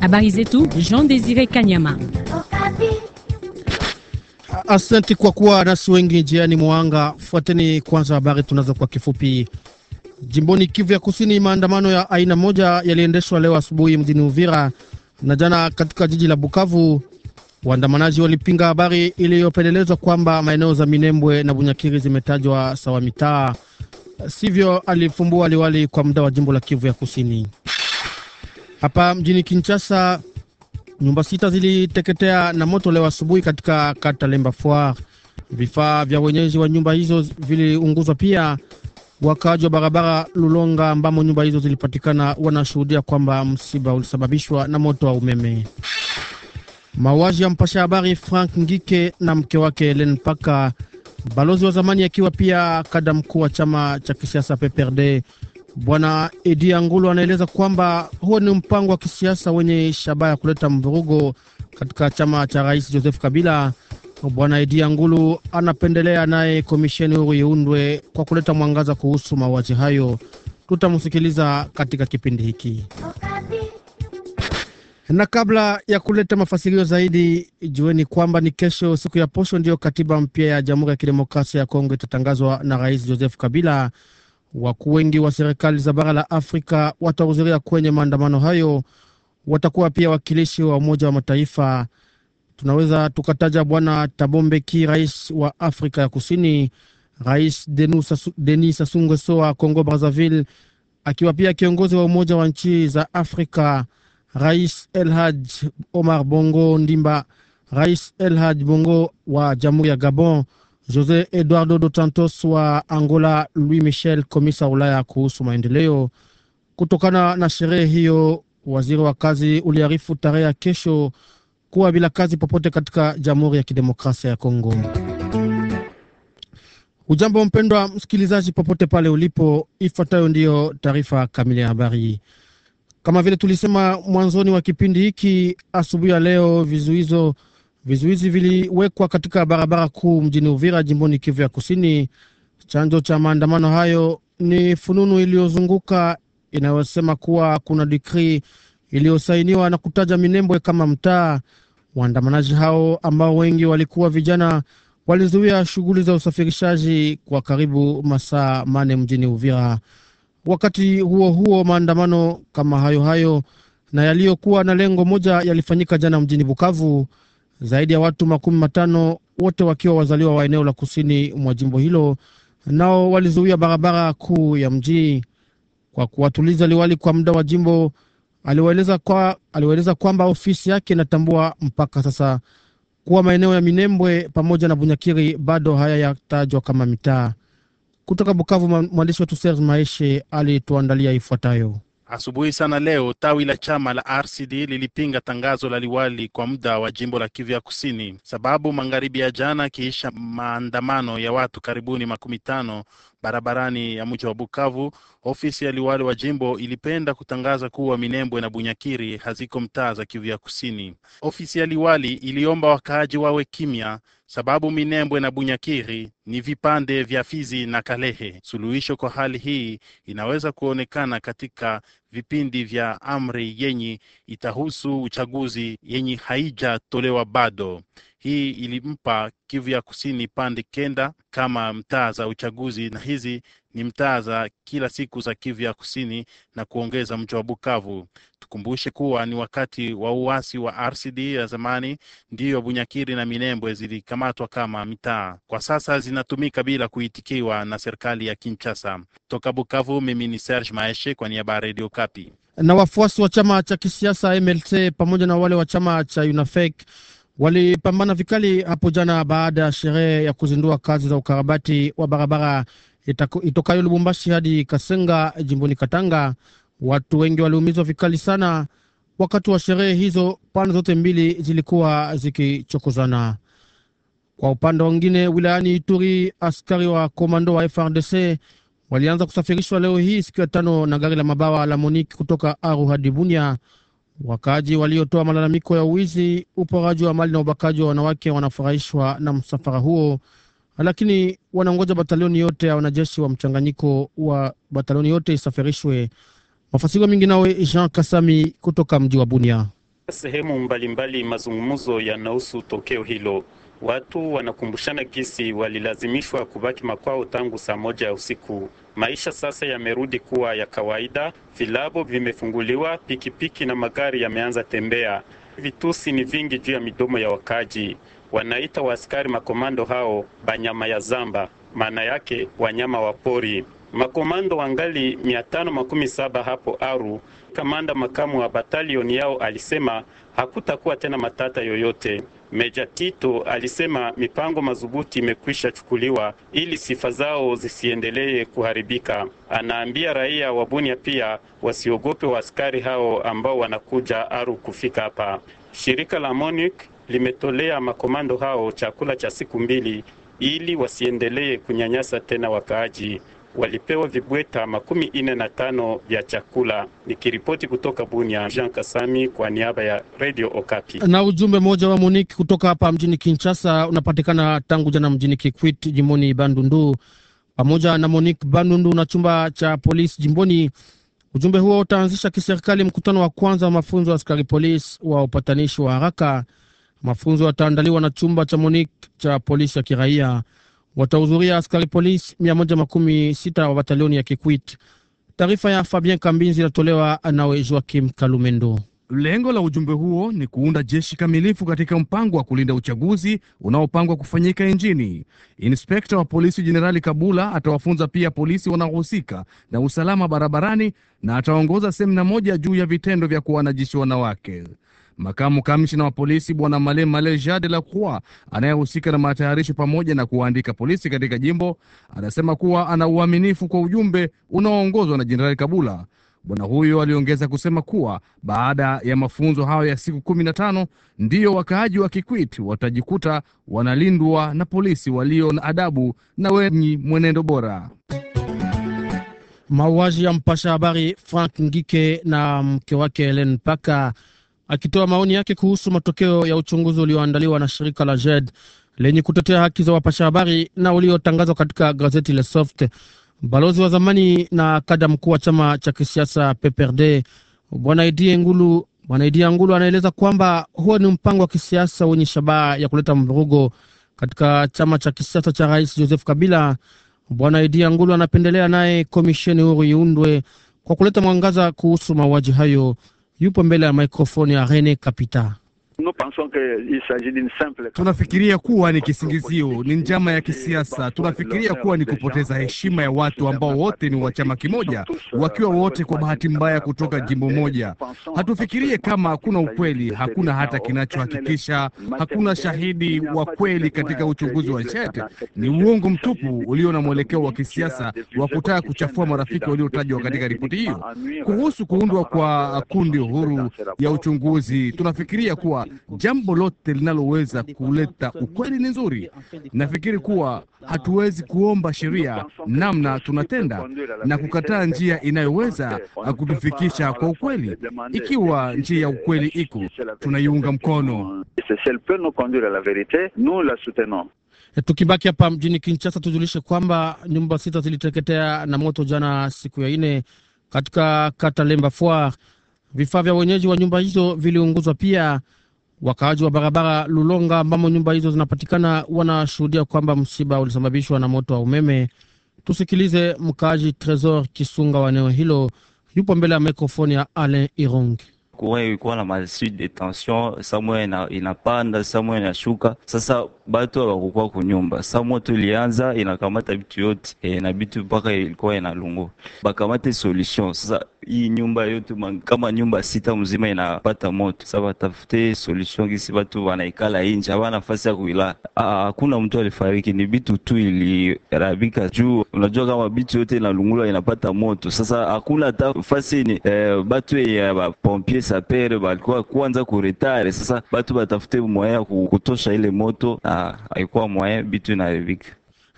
Habari zetu Jean Desire Kanyama. Asante kwa kuwa nasi wengi njiani mwanga. Fuateni kwanza habari tunazo kwa kifupi. Jimboni Kivu ya Kusini, maandamano ya aina moja yaliendeshwa leo asubuhi mjini Uvira na jana katika jiji la Bukavu. Waandamanaji walipinga habari iliyopendelezwa kwamba maeneo za Minembwe na Bunyakiri zimetajwa sawa mitaa, sivyo alifumbua liwali kwa muda wa jimbo la Kivu ya Kusini. Hapa mjini Kinshasa, nyumba sita ziliteketea na moto leo asubuhi katika kata Lemba Foire. Vifaa vya wenyeji wa nyumba hizo viliunguzwa pia. Wakaaji wa barabara Lulonga ambamo nyumba hizo zilipatikana wanashuhudia kwamba msiba ulisababishwa na moto wa umeme. Mauaji ya mpasha habari Frank Ngike na mke wake Helen Paka, balozi wa zamani akiwa pia kada mkuu wa chama cha kisiasa PPRD Bwana Edi Angulu anaeleza kwamba huo ni mpango wa kisiasa wenye shabaha ya kuleta mvurugo katika chama cha Rais Joseph Kabila. Bwana Edi Angulu anapendelea naye komisheni huru iundwe kwa kuleta mwangaza kuhusu mauaji hayo. Tutamsikiliza katika kipindi hiki, na kabla ya kuleta mafasilio zaidi, jueni kwamba ni kesho, siku ya posho, ndiyo katiba mpya ya Jamhuri ya Kidemokrasia ya Kongo itatangazwa na Rais Joseph Kabila. Wakuu wengi wa serikali za bara la Afrika watahudhuria kwenye maandamano hayo. Watakuwa pia wakilishi wa Umoja wa Mataifa. Tunaweza tukataja Bwana tabombeki rais wa Afrika ya Kusini, Rais Denis Sassou Nguesso wa Congo Brazzaville, akiwa pia kiongozi wa Umoja wa Nchi za Afrika, Rais Elhaj Omar Bongo Ndimba, Rais Elhaj Bongo wa Jamhuri ya Gabon, Jose Eduardo Dos Santos wa Angola, Louis Michel, komisa Ulaya kuhusu maendeleo. Kutokana na sherehe hiyo, waziri wa kazi uliarifu tarehe ya kesho kuwa bila kazi popote katika Jamhuri ya Kidemokrasia ya Kongo. Ujambo mpendwa msikilizaji, popote pale ulipo, ifuatayo ndiyo taarifa kamili ya habari. Kama vile tulisema mwanzoni wa kipindi hiki, asubuhi ya leo vizuizo Vizuizi viliwekwa katika barabara kuu mjini Uvira, jimboni Kivu ya Kusini. Chanzo cha maandamano hayo ni fununu iliyozunguka inayosema kuwa kuna dikri iliyosainiwa na kutaja Minembwe kama mtaa. Waandamanaji hao ambao wengi walikuwa vijana walizuia shughuli za usafirishaji kwa karibu masaa mane mjini Uvira. Wakati huo huo, maandamano kama hayo hayo na yaliyokuwa na lengo moja yalifanyika jana mjini Bukavu zaidi ya watu makumi matano wote wakiwa wazaliwa wa eneo la kusini mwa jimbo hilo, nao walizuia barabara kuu ya mji. Kwa kuwatuliza liwali kwa muda wa jimbo, aliwaeleza kwa, aliwaeleza kwamba ofisi yake inatambua mpaka sasa kuwa maeneo ya Minembwe pamoja na Bunyakiri bado haya yatajwa kama mitaa. Kutoka Bukavu, mwandishi wetu Serge Maeshe alituandalia ifuatayo. Asubuhi sana leo tawi la chama la RCD lilipinga tangazo la liwali kwa muda wa jimbo la Kivu ya Kusini, sababu magharibi ya jana kiisha maandamano ya watu karibuni makumi tano barabarani ya mji wa Bukavu, ofisi ya liwali wa jimbo ilipenda kutangaza kuwa Minembwe na Bunyakiri haziko mtaa za Kivu ya Kusini. Ofisi ya liwali iliomba wakaaji wawe kimya sababu Minembwe na Bunyakiri ni vipande vya Fizi na Kalehe. Suluhisho kwa hali hii inaweza kuonekana katika vipindi vya amri yenye itahusu uchaguzi yenye haijatolewa bado. Hii ilimpa Kivu ya Kusini pande kenda kama mtaa za uchaguzi, na hizi ni mtaa za kila siku za Kivu ya Kusini na kuongeza mji wa Bukavu. Tukumbushe kuwa ni wakati wa uasi wa RCD ya zamani ndiyo Bunyakiri na Minembwe zilikamatwa kama mitaa, kwa sasa zinatumika bila kuitikiwa na serikali ya Kinshasa. Toka Bukavu, mimi ni Serge Maeshe kwa niaba ya Radio Kapi. Na wafuasi wa chama cha kisiasa MLC pamoja na wale wa chama cha UNAFEC walipambana vikali hapo jana baada ya sherehe ya kuzindua kazi za ukarabati wa barabara itokayo Lubumbashi hadi Kasenga jimboni Katanga. Watu wengi waliumizwa vikali sana wakati wa sherehe hizo. Pande zote mbili zilikuwa zikichokozana. Kwa upande wengine wilayani Ituri, askari wa komando wa FRDC walianza kusafirishwa leo hii siku ya tano na gari la mabawa la Monique kutoka Aru hadi Bunia wakaaji waliotoa malalamiko ya uwizi, uporaji wa mali na ubakaji wa wanawake wanafurahishwa na msafara huo, lakini wanaongoja batalioni yote ya wanajeshi wa mchanganyiko wa batalioni yote isafirishwe. Mafasiriwa mingi nawe Jean Kasami kutoka mji wa Bunia. Sehemu mbalimbali mazungumzo yanahusu tokeo hilo. Watu wanakumbushana kisi walilazimishwa kubaki makwao tangu saa moja ya usiku. Maisha sasa yamerudi kuwa ya kawaida, vilabu vimefunguliwa, pikipiki na magari yameanza tembea. Vitusi ni vingi juu ya midomo ya wakaji. Wanaita waaskari makomando hao banyama ya zamba, maana yake wanyama wa pori. Makomando wangali 517 hapo Aru. Kamanda makamu wa batalioni yao alisema hakutakuwa tena matata yoyote. Meja Tito alisema mipango madhubuti imekwisha chukuliwa ili sifa zao zisiendelee kuharibika. Anaambia raia wa Bunia pia wasiogope waaskari hao ambao wanakuja aru kufika hapa. Shirika la MONUC limetolea makomando hao chakula cha siku mbili ili wasiendelee kunyanyasa tena wakaaji walipewa vibweta makumi ine na tano vya chakula. Nikiripoti kutoka Bunia, Jean Kasami kwa niaba ya Radio Okapi. Na ujumbe mmoja wa Monique kutoka hapa mjini Kinshasa unapatikana tangu jana mjini Kikwit jimboni Bandundu pamoja na Monique Bandundu na chumba cha polisi jimboni. Ujumbe huo utaanzisha kiserikali mkutano wa kwanza wa mafunzo ya askari polisi wa upatanishi wa haraka. Mafunzo yataandaliwa na chumba cha Monique cha polisi ya kiraia watahudhuria askari polisi mia moja makumi sita wa batalioni ya Kikwit. Taarifa ya Fabien Kambinzi inatolewa nawe Joakim Kalumendo. Lengo la ujumbe huo ni kuunda jeshi kamilifu katika mpango wa kulinda uchaguzi unaopangwa kufanyika nchini. Inspekta wa polisi Jenerali Kabula atawafunza pia polisi wanaohusika na usalama barabarani na ataongoza semina moja juu ya vitendo vya kuwanajishi wanawake. Makamu kamishina wa polisi Bwana Male Male Jade croix anayehusika na matayarisho pamoja na kuwaandika polisi katika jimbo anasema kuwa ana uaminifu kwa ujumbe unaoongozwa na Jenerali Kabula. Bwana huyo aliongeza kusema kuwa baada ya mafunzo hayo ya siku kumi na tano ndiyo wakaaji wa Kikwit watajikuta wanalindwa na polisi walio na adabu na wenye mwenendo bora. Mauaji ya mpasha habari Frank Ngike na mke wake Helen Paka akitoa maoni yake kuhusu matokeo ya uchunguzi ulioandaliwa na shirika la JED lenye kutetea haki za wapasha habari na uliotangazwa katika gazeti Le Soft. Balozi wa zamani na kada mkuu wa chama cha kisiasa PPRD bwana Idie Ngulu, bwana Idie Ngulu anaeleza kwamba huo ni mpango wa kisiasa wenye shabaha ya kuleta mvurugo katika chama cha kisiasa cha rais Joseph Kabila. Bwana Idie Ngulu anapendelea naye komisheni huru iundwe kwa kuleta mwangaza kuhusu mauaji hayo yupo mbele ya maikrofoni ya Rene Kapita. Tunafikiria kuwa ni kisingizio, ni njama ya kisiasa. Tunafikiria kuwa ni kupoteza heshima ya watu ambao wote ni wa chama kimoja, euh, wakiwa wote kwa bahati mbaya kutoka jimbo moja. Hatufikirie kama hakuna ukweli, hakuna hata kinachohakikisha, hakuna shahidi wa kweli katika uchunguzi wa Chet. Ni uongo mtupu ulio na mwelekeo wa kisiasa wa kutaka kuchafua marafiki waliotajwa katika ripoti hiyo. Kuhusu kuundwa kwa kundi huru ya uchunguzi, tunafikiria kuwa jambo lote linaloweza kuleta ukweli ni nzuri. Nafikiri kuwa hatuwezi kuomba sheria namna tunatenda na kukataa njia inayoweza kutufikisha kwa ukweli. Ikiwa njia ya ukweli iko, tunaiunga mkono. Tukibaki hapa mjini Kinshasa, tujulishe kwamba nyumba sita ziliteketea na moto jana siku ya ine katika kata Lemba Foire. Vifaa vya wenyeji wa nyumba hizo viliunguzwa pia. Wakaaji wa barabara Lulonga ambamo nyumba hizo zinapatikana wanashuhudia kwamba msiba ulisababishwa na moto wa umeme. Tusikilize mkaaji Tresor Kisunga wa eneo hilo, yupo mbele ya mikrofoni ya Alain Irongi. Kuran ilikuwa na masui de tension, samwe inapanda samwe inashuka. Sasa batu abakukuwa kunyumba, sa moto ilianza inakamata bitu yote e, na bitu mpaka ilikuwa inalungu bakamate solution sasa hii nyumba yote kama nyumba sita mzima inapata moto. Sasa watafute solution gisi watu wanaikala inje, hawana nafasi ya kuila. Ah, hakuna mtu alifariki, ni bitu tu ilirabika juu. Unajua kama bitu yote inalungula inapata moto, sasa hakuna hata fasi ni eh, batu ya bapompier sapere walikuwa kwanza kuretare. Sasa batu batafute mwaya ya kutosha ile moto, na haikuwa mwaya bitu inaribika.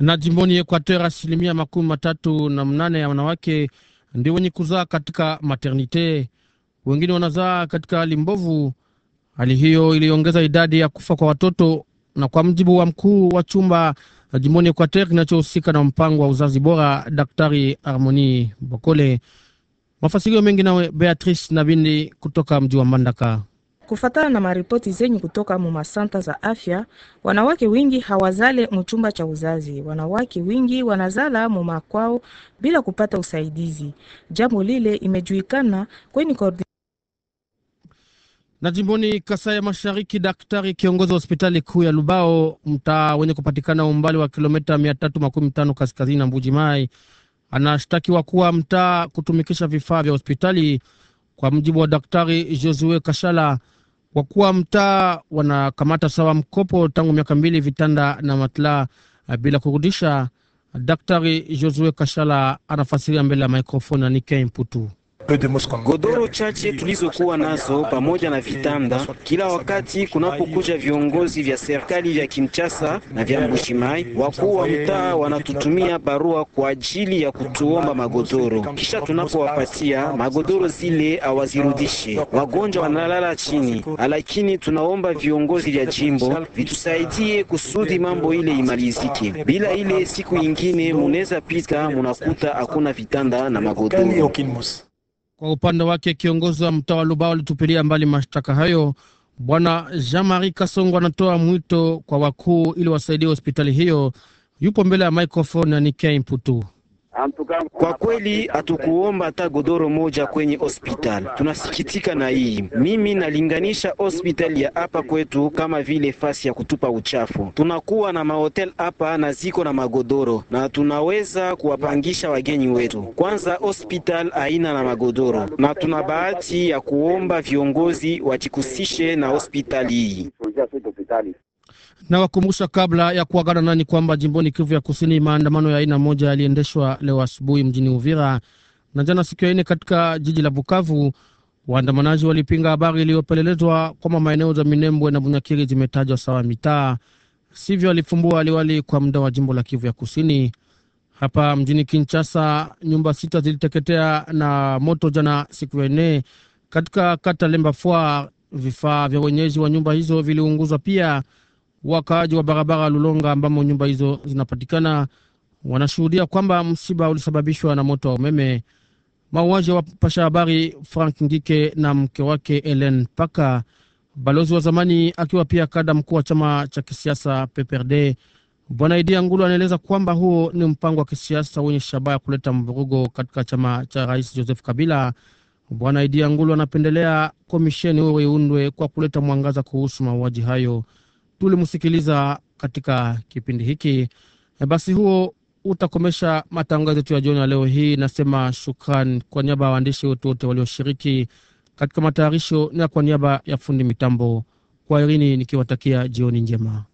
Na jimboni Equateur asilimia makumi matatu na mnane ya wanawake ndio wenye kuzaa katika maternite, wengine wanazaa katika hali mbovu. Hali hiyo iliongeza idadi ya kufa kwa watoto, na kwa mjibu wa mkuu wa chumba eh, jimboni Equateur kinachohusika na mpango wa uzazi bora, Daktari Harmoni Bokole. Mafasirio mengi nawe Beatrice Nabindi kutoka mji wa Mbandaka. Kufatana na maripoti zenye kutoka mu masanta za afya, wanawake wingi hawazale mchumba cha uzazi. Wanawake wingi wanazala mu makwao bila kupata usaidizi, jambo lile imejuikana kweni kordi na jimboni Kasai ya Mashariki, daktari kiongozi wa hospitali kuu ya Lubao, mtaa wenye kupatikana umbali wa kilomita 315 kaskazini na Mbuji Mai, anashtakiwa kuwa mtaa kutumikisha vifaa vya hospitali. Kwa mjibu wa daktari Josue Kashala, Wakuu wa mtaa wanakamata sawa mkopo tangu miaka mbili vitanda na matla eh, bila kurudisha. Daktari Josue Kashala anafasiria mbele ya mikrofoni na Nike Mputu. Godoro chache tulizokuwa nazo pamoja na vitanda, kila wakati kunapokuja viongozi vya serikali vya Kinshasa na vya Mbushimai, wakuu wa mtaa wanatutumia barua kwa ajili ya kutuomba magodoro, kisha tunapowapatia magodoro zile hawazirudishi. Wagonjwa wanalala chini, lakini tunaomba viongozi vya jimbo vitusaidie kusudi mambo ile imalizike. Bila ile siku ingine munaweza pita munakuta hakuna vitanda na magodoro. Kwa upande wake kiongozi wa mtaa wa Lubao alitupilia mbali mashtaka hayo. Bwana Jean Marie Kasongo anatoa mwito kwa wakuu ili wasaidie hospitali hiyo. Yupo mbele ya microphone ya Nikei Mputu. Kwa kweli hatukuomba hata godoro moja kwenye hospitali, tunasikitika na hii. Mimi nalinganisha hospitali ya hapa kwetu kama vile fasi ya kutupa uchafu. Tunakuwa na mahotel hapa na ziko na magodoro na tunaweza kuwapangisha wageni wetu. Kwanza hospitali haina na magodoro, na tuna bahati ya kuomba viongozi wajikusishe na hospitali hii. Nawakumbusha kabla ya kuagana nani kwamba jimboni Kivu ya Kusini, maandamano ya aina moja yaliendeshwa leo asubuhi mjini Uvira na jana siku ya nne katika jiji la Bukavu. Waandamanaji walipinga habari iliyopelelezwa kwamba maeneo za Minembwe na Bunyakiri zimetajwa sawa mitaa, sivyo alifumbua aliwali kwa muda wa jimbo la Kivu ya Kusini. Hapa mjini Kinshasa, nyumba sita ziliteketea na moto jana siku ya nne katika kata Lemba Vifaa vya wenyeji wa nyumba hizo viliunguzwa pia. Wakaaji wa barabara Lulonga ambamo nyumba hizo zinapatikana wanashuhudia kwamba msiba ulisababishwa na moto wa umeme. Mauaji ya wapasha habari Frank Ngike na mke wake Ellen Paka, balozi wa zamani akiwa pia kada mkuu wa chama cha kisiasa PPRD, Bwana Idia Ngulu anaeleza kwamba huo ni mpango wa kisiasa wenye shabaha ya kuleta mvurugo katika chama cha rais Joseph Kabila. Bwana Idia Ngulu anapendelea komisheni huo iundwe kwa kuleta mwangaza kuhusu mauaji hayo tulimsikiliza katika kipindi hiki. E, basi huo utakomesha matangazo yetu ya jioni ya leo hii. Nasema shukran kwa niaba ya waandishi wetu wote walioshiriki katika matayarisho na kwa niaba ya fundi mitambo, kwa Irini nikiwatakia jioni njema.